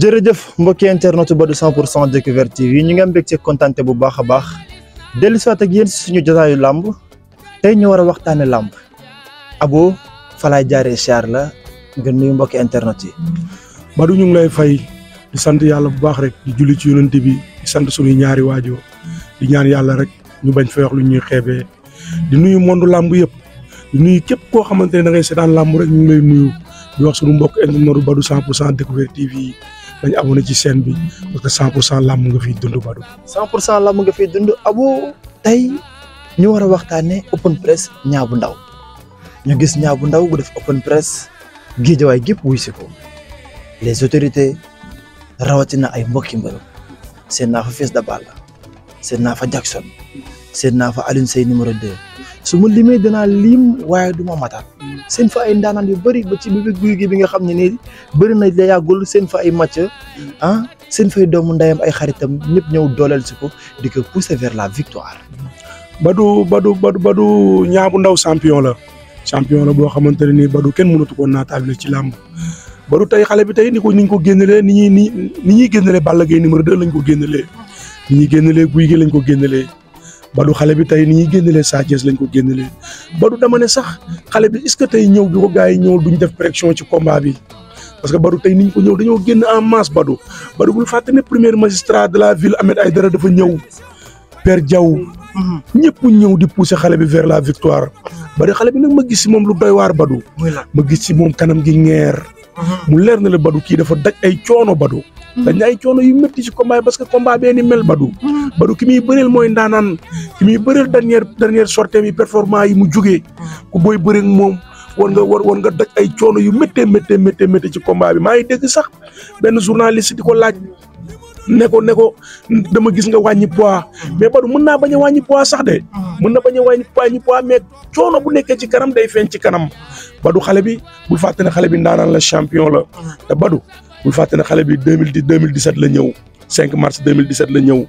jërëjëf mbok internetu ba du 100 pour cent découverte TV ñu ngi am ci contenté bu baaxa baax delu si ak yeen suñu jotaayu lamb tay ñu wara waxtane lamb abo falaay jaaree char la ngeen nuyu mbokki internet yi du ñu ngi lay fay di sant yalla bu baax rek di julli ci yoonte bi di sant suñu ñaari waajoo di ñaan yalla rek ñu bañ fay wax lu ñuy xébé di nuyu monde lamb yépp di nuyu képp ko xamante da ngay seetaan lamb rek ñu ngi lay nuyu di wax suñu mbokk internetu Badou 100 pour cent découverte TV dañu abonné ci chaîne bi parce que 100 pour cent làmb nga fiy dund Badou. 100 pour cent làmb nga fiy dund Abou tey ñu war a waxtaanee open press Niang bu ndaw ñu gis Niang bu ndaw bu def open press géejawaay gépp wuy si ko les autorités rawatina ay mbokki mbërëm seen naa fa Fils de Balla seen naa fa Jackson seet naa fa Alioune Seye numéro de su ma limee danaa lim waaye du ma matal seen fa ay ndaanaan yu bëri ba ci biir guy gi bi nga xam ne nii bëri na da yàggul seen fa ay match ah seen fay doomu ndeyam ay xaritam ñëpp ñëw dooleel si ko di ko pousser vers la victoire. Badou Badou Badou Badou Niang bu ndaw champion la champion la boo xamante ne nii Badou kenn mënatu ko naataale ci làmb Badou tey xale bi tey ni ko ni ñu ko génnelee ni ñuy ni ñuy génnelee Balla Gaye numéro de lañ ko génnelee ni ñuy génnelee guy gi lañ ko génnelee. ba xale bi tey ni ñuy génnelee Sa Thiès lañ ko génnelee ba du dama ne sax xale bi est-ce que tey ñëw bi ko gars yi ñëwul duñu def pression ci komba bi. parce que Badou tey ni ñu ko ñëw dañoo génn en masse Badou Badou bul fàtte ne premier magistrat de la ville Ahmed Aïdara dafa ñëw per Diaw. ñëpp ñëw di pousser xale bi vers la victoire. ba di xale bi nag ma gis si moom lu doy waar Badou. ma gis si moom kanam gi ngeer Mhm. mu leer na la Badou kii dafa daj ay coono Badou. Mhm. dañ ne ay coono yu métti ci combat yi parce que combat bee ni mel Badou. Mhm. Badou ki muy bëreel mooy ndaanaan ki muy bëreel dernière dernière sortie yi performance yi mu jugee. ku booy bëreeg moom. war nga war war nga daj ay coono yu méttee méttee méttee méttee ci combat bi maa ngi dégg sax benn journaliste di ko laaj ne ko ne ko dama gis nga wàññi poids mais Badou mën naa bañ a wàññi poids sax de mën na bañ a wàññi wàññi poids mais coono bu nekkee ci kanam day feeñ ci kanam Badou xale bi bul fàtte ne xale bi ndaanaan la champion la te Badou bul fàtte ne xale bi deux mille dix deux mille dix la ñëw cinq mars deux mille dix sept la ñëw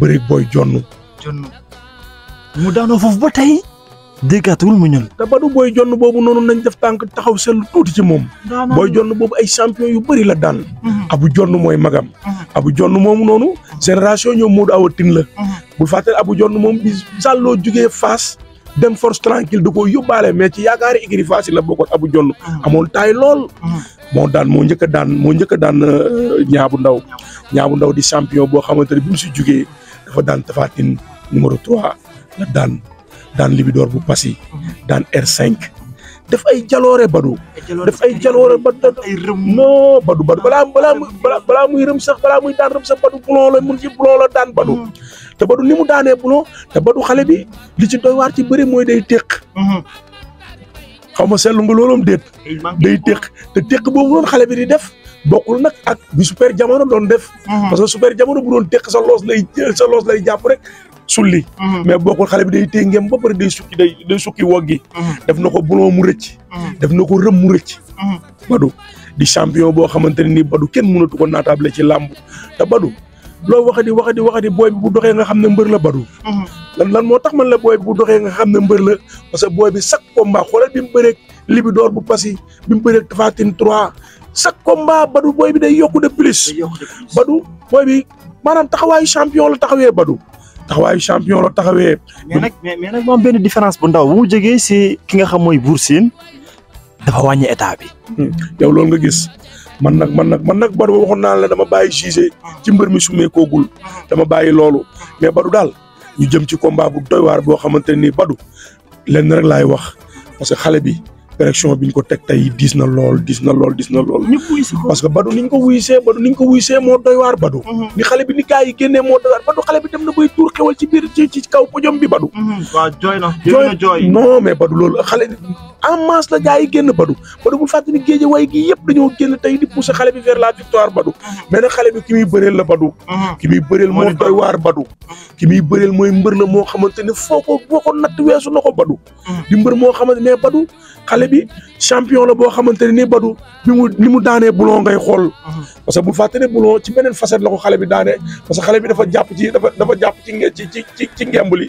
bëri booy jonn jonn mu daanoo foofu ba tey déggaatuwul mu ñëw. te Badou booy jonn boobu noonu nañu def tànk taxaw seetlu tuuti ci moom. booy jonn boobu ay champion yu bëri la daan. Mm-hmm. abu jonn mooy magam. Mm-hmm. abu jonn moomu noonu génération ñoom Modou Awa Tine la mhm. bu fàttali abu jonn moom bi sàlloo jugee Fass dem force tranquille da koo yóbbaale mais ci yaakaari igri Fass la bokkoon abu jonn mhm. amoon taay lool mhm. moo daan moo njëkk a daan moo njëkk a daan ñaabu euh, ndaw ñaabu ndaw di champion boo xamante ne bi mu si jugee dafa daan Tapha Tine numéro trois la daan daan libidoor bu Passy daan R5 def ay jaloore badu def ay jaloore badu ay rëm no badu badu bala bala bala muy rëm sax bala muy daan baru, sax badu bulo la mun ci bulo la daan badu mm-hmm. te badu ni mu daanee bulon te badu xale bi li ci doy war ci bëri moy day téq mm-hmm. xawma ma nga lolum déet day téq te téq boobu noonu xale bi di def bokul nak ak bi super jamono don def mm-hmm. parce que super jamono bu don téq sa loos lay sa loos lay japp rek sulli mhm. mais boo ko xale bi day téye ngem ba pare day sukki day day sukki woggi mhm. def na ko bulon mu rëcc mhm. def na ko rëm mu rëcc badu di champion boo xamante ne ni badu kenn mënatu ko naataable ci làmb te badu loo waxati waxati waxati booy bi bu doxee nga xam ne mbër la badu lan lan moo tax man la booy bi bu doxee nga xam ne mbër la parce que booy bi chaque combat xoolal bi mu bëreeg libidoor bu pasi bi mu bëreeg Tafatine 3 chaque combat badu booy bi day yokku de plus badu booy bi maanaam taxawaayu champion la taxawee badu taxawaayu champion la taxawee. mais nag mais nag mu am benn différence bu ndaw bu mu jógee si ki nga xam mooy Bour Sine dafa wàññi état bi. Hmm. yow loolu nga gis man nag man nag man nag Badou waxoon naa la dama bàyyi jugé ci mbër mi sumee koogul dama bàyyi loolu mais Badou daal ñu jëm ci combat bu doy boo xamante ni Badou lenn rek laay wax parce que xale bi. direction bi ñu ko teg tey diis na lool diis na lool diis na lool. parce que Badou ni ñu ko wuyisee Badou ni ñu ko wuyisee moo doy waar mhm. ni xale bi ni gars yi génnee moo doy waar mhm. bu fàttali géej way gi yëpp dañoo génn tey di pousser xale bi vers la victoire Badou. Mhm. mais xale bi ki muy bëreel la Badou. ki muy bëreel moo doy waar ki muy bëreel mooy mbër la moo xamante foo ko boo ko natt weesu na ko di mbër moo xamante ne Badou xale bi champion la boo xamante ne nii Badou ni mu ni mu daanee boulon ngay xool. parce que bu fàtte ne boulon ci beneen facette la ko xale bi daanee parce que xale bi dafa jàpp ci dafa dafa jàpp ci ci ci li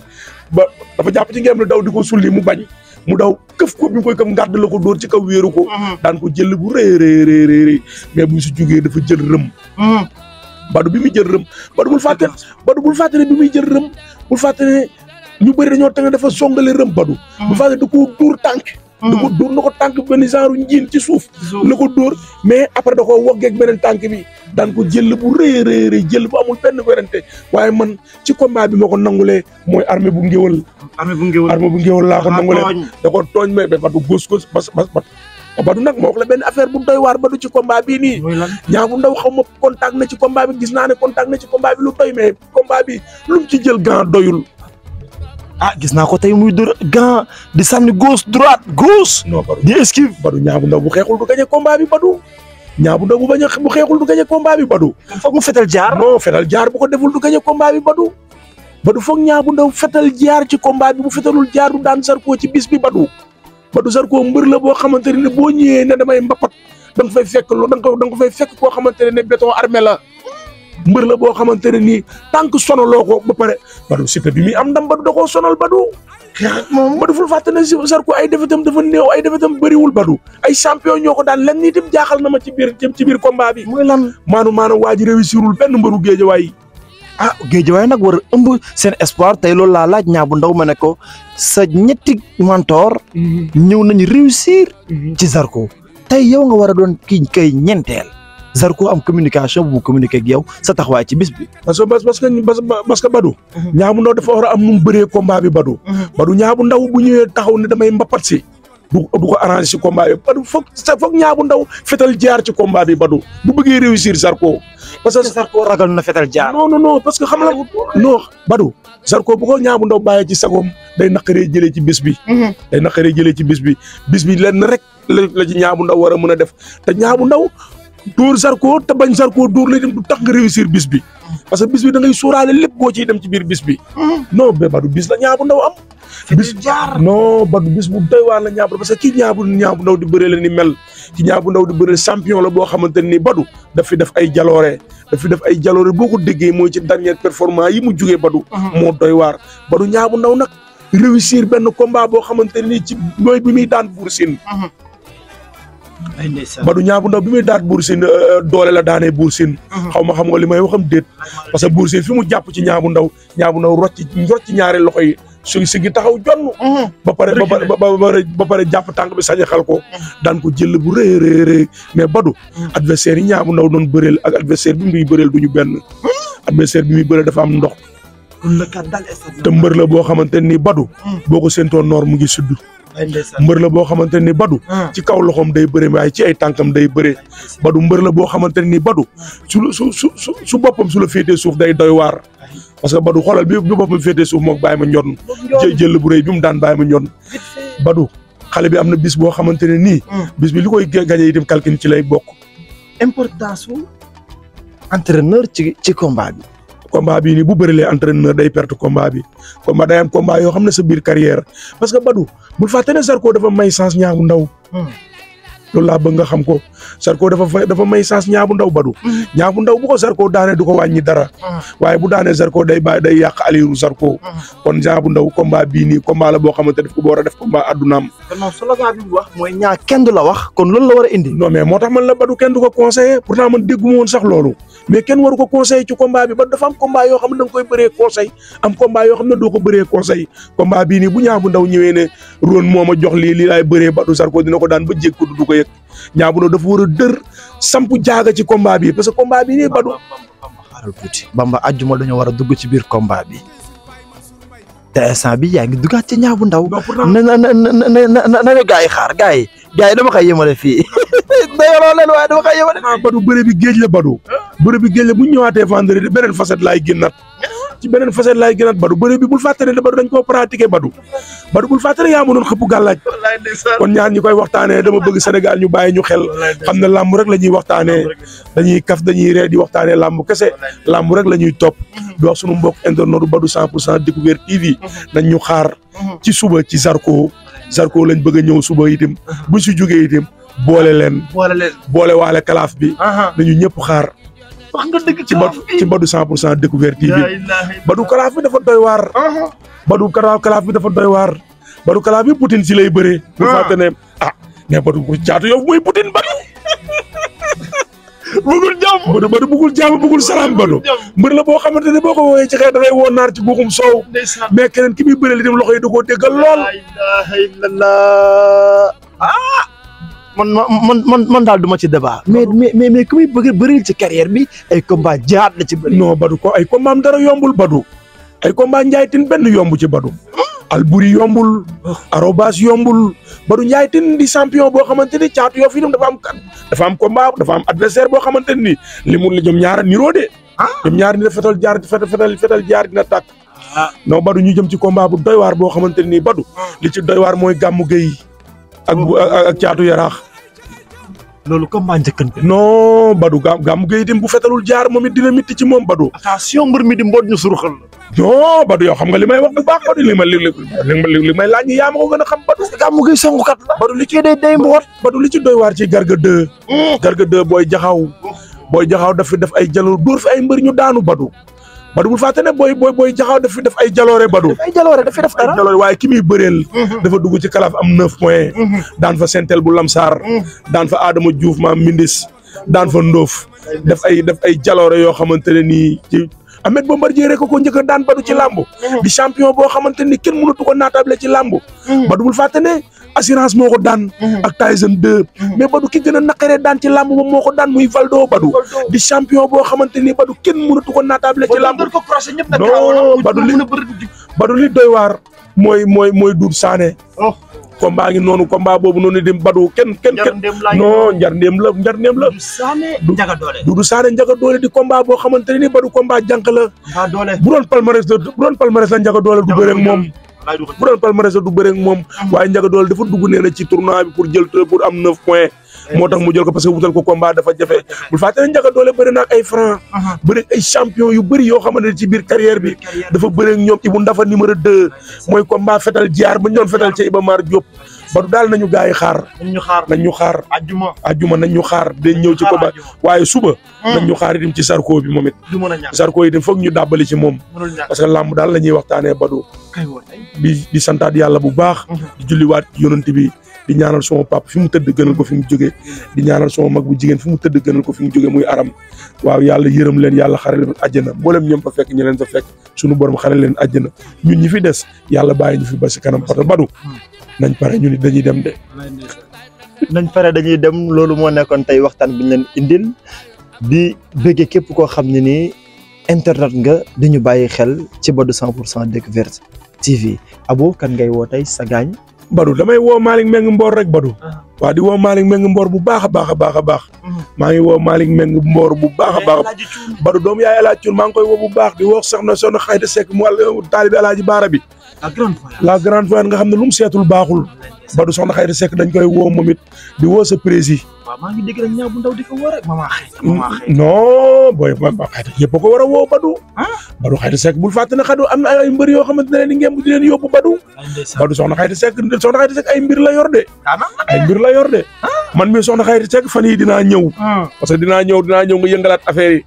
ba dafa jàpp ci ngemb li daw di ko sulli mu bañ. mu daw këf ko bi koy këf ngàdd la ko dóor ci kaw wéeru ko. ko jël bu rëy rëy rëy rëy mais bu ñu si jógee dafa jël rëm. Badou bi muy jël rëm. Badou bul fàtte Badou bul fàtte ne bi muy jël rëm bul fàtte ne ñu bëri dañoo tàng dafa songale rëm Badou. bu fàtte da koo dóor tànk. da ko mm. na ko tànk benn genre njiin ci suuf la ko dóor mais après da ko woggeeg beneen tànk bi daan ko jël bu rëy rëy rëy jël bu amul benn werante waaye man ci combat bi ma ko nangulee mooy armée bu ngéwal armée bu ngéwal armée laa ko ah, nangulee da ko tooñ mais ba batu gos gos badu nag ma la benn affaire bu doy waar badu ci combat bii nii ñaa bu ndaw xaw ma contact na ci combat bi gis naa ne contact na ci combat bi lu doy mais combat bi lu mu ci jël gan doyul ah gis na ko tay muy dóor gan di sànni gauche droite gauche. No baru di esquive Baru nyaabu ndaw bu xexul du gañe combat bi badu nyaabu ndaw bu bañ bu xexul du gañe combat bi badu foog mu fetal jaar non fetal jaar bu ko deful du gañe combat bi badu badu foog nyaabu ndaw fetal jaar ci combat bi bu fetalul jaar du daan Zarko ci bis bi badu Badou Zarko mbeur la bo xamanteni ne bo ñewé ne damay mbapat dang fay fekk lo dang ko dang ko fay fekk ko xamanteni ne béton armé la mbeur la bo xamantene ni tank sono loko ba pare badu Siteu bi mi am ndam ba da ko sonal ba mom ba badu ful fatane ci sar ko ay defetam dafa new ay defetam wul ba badu ay champion ñoko daan lan ni itam jaaxal na ma ci bir ci bir combat bi moy lan manu maanaam waa ji ben mbeuru geejje way ah geejje way nak war eum sen espoir tay lol la laaj ñaa ndaw ma ne ko sa ñetti mentor mhm. ñew nañu réussir mhm. ci Zarko tay yow nga wara a doon kii kay ñentel Zarko am communication bu mu communiqué ak yow sa taxawaay ci bis bi. parce que mhm. dafa war a am nu mu bëree combat bi Badou. Mhm. Badou bu ndaw bu ñëwee taxaw ne damay mbapat si. du du ko arrangé ci combat bi ñaa bu ndaw fetal jaar ci combat bi Badou bu bëggee réussir sarko parce que Zarko ragal na fetal jaar. non non parce que xam la non Badou. Zarko bu ko ñaa bu ndaw bàyyee ci sagoom day naqaree jëlee ci bis bi. Mhm. day naqaree jëlee ci bis bi bis bi lenn rek la ci ñaa bu war a mën a def te ñaa bu dóor Zarko te bañ Zarko dóor lay dem du tax nga réussir bis bi parce que bis bi da ngay lépp boo ciy dem ci biir bis bi. non mais Badou bis la ndaw am. bis jaar non Badou bis bu doy waar la ñaa bu parce que ki ñaa bu ñaa bu ndaw di bëree la ni mel ki ñaa bu ndaw di bëree champion la boo xamante ni Badou daf fi def ay jaloore daf def ay jaloore boo ko déggee mooy ci dernière performance yi mu jugee Badou. Uh-huh. moo doy waar Badou ñaa bu ndaw nag réussir benn combat boo xamante ni ci mooy bi muy daan buur siin. Uh-huh. Badou ñaa bu ndaw bi muy daat buur euh, euh, doole la daanee buur siin uh-huh. xaw ma xam nga li may waxam déet parce que buur siin fi mu jàpp ci ñaa bu ndaw ñaa bu ndaw rocci rocci ñaari loxo yi su si gi taxaw jonn uh-huh. ba pare ba pare jàpp tànk bi sañ xal ko uh-huh. daan ko jël bu rëy rëy rëy mais Badou adversaire yi ñaa bu ndaw doon bëreel ak adversaire bi muy bëreel du ñu benn adversaire bi muy bëreel dafa am ndox te mbër la boo xamante ni Badou boo ko séentoon noor mu ngi sud mbër la boo xamante ni badu ah. ci kaw loxoom day bëre waaye ci ay tànkam day bëre badu mbër la boo xamante nii badu su su su su boppam su la féetee suuf day doy waar parce que badu xoolal bi bi boppam féetee suuf mook bàyyi ma ñoon jël bu rëy bi mu daan bàyyi ma ñoon badu xale bi am na bis boo xamante ne nii ah. bis bi lu koy gañe itam calcul ci lay bokk importance entraîneur ci ci combat bi combat bii nii bu bëri lee entraîneur day perte combat bi combat day am yoo xam na sa biir carrière parce que Badou bul fàtte ne Zarko dafa may chance ñaamu ndaw. Hmm. loolu la bëgg nga xam ko sarko dafa dafa may chance Niang bu Ndaw badu mm. Ndaw bu ko sarko daane du ko wañi dara mm. waye bu daane sarko day ba day yàq Aliou sarko mm. kon Niang bu Ndaw combat bi ni combat la bo xamanteni daf ko bo a def combat addunaam solo bi mu wax indi non mais motax man la badu kenn du ko conseiller pourtant man dégguma won sax loolu mais kenn waru ko conseiller ci combat bi ba dafa am combat yo xamne dang koy beure conseiller am combat yo xamne do ko beure conseiller combat bi ni bu Niang bu Ndaw ñewé ne Ron moma jox li li lay beure badu sarko dina ko daan ba du ko yëg ñaa bu dafa war a dër samp jaaga ci combat bi parce que combat bi nii badu bamba xaaral tuuti bamba ajjuma dañoo war a dugg ci biir combat bi te instant bi yaa ngi dugaat ci ñaa bu ndaw na na na na na gaa yi xaar gaa yi gaa yi dama koy yemale fii dayoroo leen waaye dama koy yemale ah, badu bëre bi géej la badu bëre bi géej la bu ñëwaatee vendredi beneen facette laay génnaat ci beneen facette laay gënaat badu bëri bi bul fàttali ne dañ koo pratiqué badu badu bul fàttali yaa mënoon xëpp gàllaaj kon ñaar ñi koy waxtaanee dama bëgg Sénégal ñu bàyyi ñu xel xam ne làmbu rek la ñuy waxtaanee dañuy kaf dañuy ree di waxtaanee làmb kese làmb rek lañuy ñuy topp mhm. di wax sunu mbokk internet badu 100 pour cent découverte TV mhm. nañ ñu xaar mhm. ci suba ci Zarko Zarko lañ bëgg ñëw suba itam buñ si jógee itam boole leen boole waale kalaaf bi nañu ñëpp xaar wax nga dëgg ci Badou ci 100 pour TV kalaaf bi dafa doy waar Badou kalaaf kalaaf bi dafa doy waar Badou kalaaf bi Poutine si lay bëree bu fàtte ne ah mais Badou bu caatu yow mooy Poutine Badou bëggul jàmm Badou Badou bëggul jàmm bëggul salaam Badou mbër la boo xamante ne boo ci da ngay ci mais keneen ki li dem déggal lool ah man dal duma ci débat mais mais mais ku bëgg bëril ci carrière bi ay combat jaar na ci bëri non badu ko ay combat am dara yombul badu ay combat njaay tin yomb ci badu hmm? alburi yombul oh. arobas yombul badu njaay tin di champion bo xamanteni ni yo fi dum dafa am kan dafa am combat dafa am adversaire bo xamanteni limu li mu la ñoom ñaara niroo de ah. ñoom ñaar ni fetal jaar fetal fetal jaar dina tak ah. no badu ñu jëm ci combat bu doy war bo xamanteni badu ah. li ci doy war moy gamu geey ak ak ciatu yarax loolu comme maa njëkkante. non Badou gam gam Gueye itam bu fetalul jaar moom it dina mitti ci moom Badou. attention mbër mi di mboot ñu suruxal la. non Badou yow xam nga li may wax bu baax Badou li ma li li may laaj yaa ma a xam Badou. gam Gueye songukat la. Badou li ci day day mboot. li ci doy waar ci garga deux. Mm. garga deux booy jaxaw. Mm. booy jaxaw daf def ay jalo dóor fi ay mbër ñu daanu Badou. Badou bul fàtte ne booy booy boy jaxaw daf def ay jaloore Badou. daf ay def dara jaloore waaye ki muy bëreel. Mhm. Mhm. dafa dugg ci kalaaf am neuf points. Mhm. daan fa senteel bu Lamsaar. daan fa Adama Diouf ma Mindis. daan fa Ndoof. def ay def ay jaloore yoo xamante ne nii ci. Ahmed Bombardier rek ko njëkk daan Badou ci làmb. di champion boo xamante ni kenn mënatu ko naatable ci làmb. Badou bul fàtte ne assurance moko dan mhm. ak Tyson 2 mhm. mais Badou ki gëna a dan ci lamb moom moko dan muy Valdo Badou di champion bo xamanteni ini Badou kenn mënatu ko natable ci lamb non Badou li Badou li doy war moy moy moy duut sané oh. combat ngi nonu combat bobu nonu dem badu kenn kenn kenn non njar ndéem la njar ndéem la dudu saane njaga dole di combat bo xamanteni badu combat jank la bu don palmarès bu don palmarès la njaga dole du ak bu doon palmarès du bëre ak moom mm. waaye Ndiaga Dolé dafa dugg nee na ci tournoi bi pour jël pour am neuf points eh. moo tax mu jël ko parce que wutal ko combat dafa jafe bul fàtte ne Ndiaga Dolé bëri na ak ay franc uh-huh. bëri ay champion yu bëri yoo xamante ne ci biir carrière bi dafa bëri ak ñoom Ibou Ndafa numéro deux mooy combat fetal jaar ba ñoon fetal ca Iba Mar Diop ba dal nañu gaay xaar. ñu xaar nañ ñu xaar. aljuma aljuma nañ ñu xaar de ñew ci ba waye suba. Hmm. nañ ñu xaar dim ci sarko bi momit sarko yi dem a ñu dabali ci mom parce que lamb dal lañuy waxtane ba Badou. di di santat yalla bu baax. Hmm. di julliwaat yonent bi. di ñaanal sama pap fi mu tëdd gënal ko fi mu jógee di ñaanal sama mag bu jigen fi mu tëdd gënal ko fi mu muy aram waaw yalla yërëm leen yalla xare leen àjjana mboolem ñoom fa fekk ñu fa fekk sunu borom xare leen àjjana ñun ñi fi dess yalla bayyi ñu fi ba ci kanam parce que badu hmm. nañ pare ñu dañuy dem de. nañ pare dañuy dem loolu moo nekkoon tey waxtaan bi ñu leen indil di bëggee képp koo xam ne ni internet nga di ñu bàyyi xel ci Badou 100 pour 100 Découverte TV Abou kan ngay woo tey sa gaañ. Badou damay woo Malick Mbengue Mbor rek Badou. Ah. waaw di woo Malick Meng Mbor bu baakha baakha baakha a baax a hmm. ngi wo maling Meng Mbor bu baakha a ba do dom yaay Alaaji Cuun maa ngi koy wo bu baax di woo soxna son Xayta sek mo talib taalibi Alaaji Baara bi la grande fois nga xamne ne lu mu seetul baaxul badu soxna Xayta Seck dañ koy wo momit di wo sa presi ma ngi dégg rek ñaaw bu ndaw di ko woo mama xey mama xayta non booy mama xayta yëpp ko war a woo Badu ah? Badu xayta Seck bul fàtte ne xadu am na ay mbër yoo xamante ne di ngeen di leen yóbbu Badu Badu soxna xayta sek soxna xayta sek ay mbir la yor de ay mbir la la yor de. man mi soxna Xayri Seck fan yii dinaa ñëw. Ah. parce que dinaa ñëw dinaa ñëw nga yëngalaat affaire yi.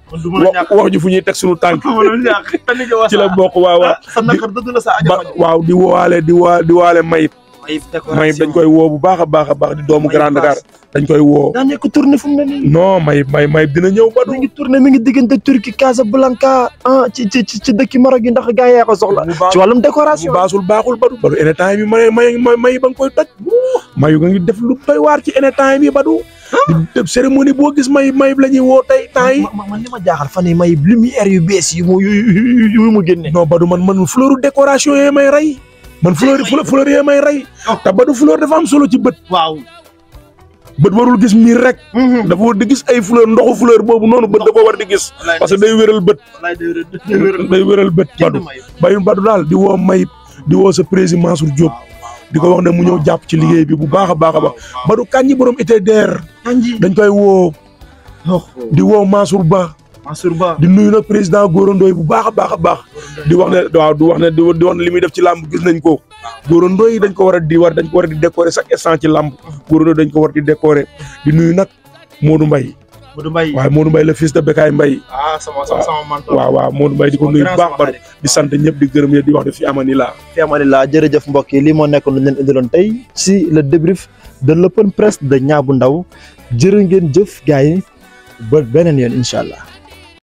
wax ju fu ñuy teg suñu tànk. ci la bokk waaw waaw. Ah, di waaw di waale di waa di waale mayit Mayib dañ koy woo bu baax a baax a baax di doomu Grand Dakar dañ koy woo. daa nekk tournée fu mu ne nii. non Mayib Mayib Mayib dina ñëw ba. mi ngi tournée mi ngi diggante Turquie Casablanca ah ci ci ci dëkki Maroc yi ndax gars yi yaa ko soxla. ci wàllum décoration bu baasul baaxul Badou. Badou en temps bi may may may ba nga koy toj. mayu nga ngi def lu doy waar ci en temps bi Badou. Ah. di cérémonie boo gis may Mayib la ñuy woo tey temps yi. man man li ma jaaxal fan yii Mayib bees yi mu mu génne. non Badou man man fleur décoration yee may rey man fleur fleur fleur yee may ray oh. ta ba du fleur dafa am solo ci beut waw beut warul gis mi rek. Mhm. dafa war di gis ay fleur ndoxu fleur bobu nonu beut dafa war di gis. parce que day wéral beut day wéral bët Badou. bayu badu dal di wo may di wo sa président Mansour Diop. diko wax ne mu ñew japp ci liggéey bi bu baaxa baru ba baru baax Badou borom été der dañ koy wo di wo Mansour Ba. Mansour Ba di nuyu nag président góorandooy bu baax a baax a baax di wax ne waaw wax ne di wax ne def ci làmb gis nañ ko góorandooy dañ ko war di war dañ ko di décorer chaque instant ci dañ ko di décorer di nuyu Modou Modou Modou fils de ah sama sama sama mentor waaw waaw Modou di ko nuyu baax di sant ñëpp di gërëm di wax ne fi amani laa fi amani mbokk lu si le débrief de l'open press de Niang Ndaw jërë ngeen jëf ba yoon